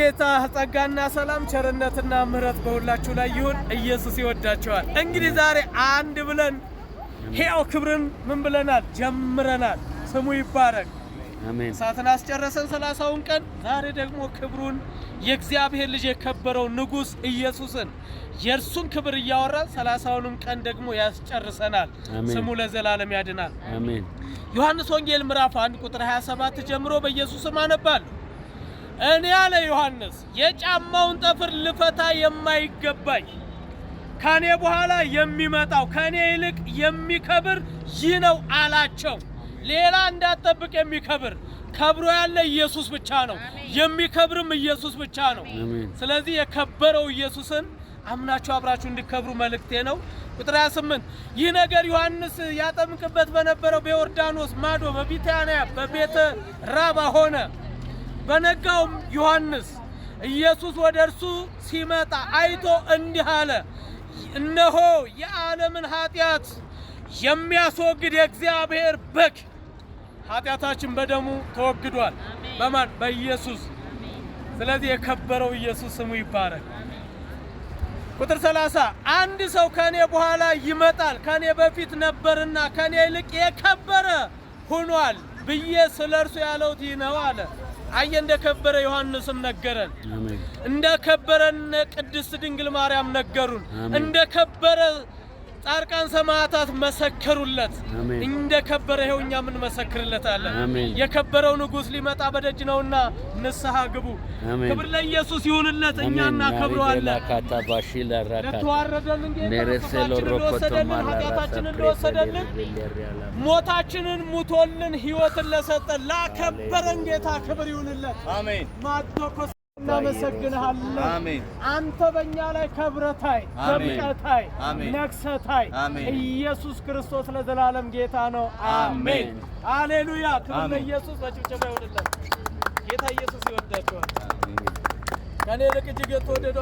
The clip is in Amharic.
የጌታ ጸጋና ሰላም ቸርነትና ምሕረት በሁላችሁ ላይ ይሁን። ኢየሱስ ይወዳቸዋል። እንግዲህ ዛሬ አንድ ብለን ሕያው ክብርን ምን ብለናል? ጀምረናል። ስሙ ይባረክ። እሳትን አስጨረሰን ሰላሳውን ቀን። ዛሬ ደግሞ ክብሩን የእግዚአብሔር ልጅ የከበረው ንጉሥ ኢየሱስን የእርሱን ክብር እያወራን ሰላሳውንም ቀን ደግሞ ያስጨርሰናል። ስሙ ለዘላለም ያድናል። ዮሐንስ ወንጌል ምዕራፍ 1 ቁጥር 27 ጀምሮ በኢየሱስም አነባለሁ እኔ አለ ዮሐንስ የጫማውን ጠፍር ልፈታ የማይገባኝ ከኔ በኋላ የሚመጣው ከእኔ ይልቅ የሚከብር ይህ ነው አላቸው። ሌላ እንዳትጠብቅ የሚከብር ከብሮ ያለ ኢየሱስ ብቻ ነው፣ የሚከብርም ኢየሱስ ብቻ ነው። ስለዚህ የከበረው ኢየሱስን አምናችሁ አብራችሁ እንዲከብሩ መልእክቴ ነው። ቁጥር 28 ይህ ነገር ዮሐንስ ያጠምቅበት በነበረው በዮርዳኖስ ማዶ በቢታንያ በቤተ ራባ ሆነ። በነጋውም ዮሐንስ ኢየሱስ ወደ እርሱ ሲመጣ አይቶ እንዲህ አለ፣ እነሆ የዓለምን ኃጢአት የሚያስወግድ የእግዚአብሔር በግ ኃጢአታችን በደሙ ተወግዷል። በማን በኢየሱስ። ስለዚህ የከበረው ኢየሱስ ስሙ ይባረክ። ቁጥር 30 አንድ ሰው ከኔ በኋላ ይመጣል፣ ከኔ በፊት ነበርና ከኔ ይልቅ የከበረ ሆኗል ብዬ ስለ እርሱ ያለሁት ይህ ነው አለ። አየ እንደ ከበረ ዮሐንስም ነገረን፣ እንደ ቅድስት ድንግል ማርያም ነገሩን፣ እንደ ከበረ ጻድቃን ሰማዕታት መሰከሩለት። እንደ ከበረ ይኸው እኛ ምን መሰክርለታለን። የከበረው ንጉሥ ሊመጣ በደጅ ነውና ንስሐ ግቡ። ክብር ለኢየሱስ ይሁንለት፣ እኛ እናከብረዋለን። ለተዋረደልን ጌታችን እንደወሰደልን፣ ኃጢአታችን እንደወሰደልን፣ ሞታችንን ሙቶልን፣ ሕይወትን ለሰጠን ላከበረን ጌታ ክብር ይሁንለት። አሜን። እናመሰግንሃለን። አንተ በእኛ ላይ ከብረታይ ዘብቀታይ ነግሰታይ። ኢየሱስ ክርስቶስ ለዘላለም ጌታ ነው። አሜን። አሌሉያ። ክብር ለኢየሱስ። በጭብጨባ ይሆንለን። ጌታ ኢየሱስ ይወዳቸዋል። ከእኔ ልቅ እጅግ የተወደደ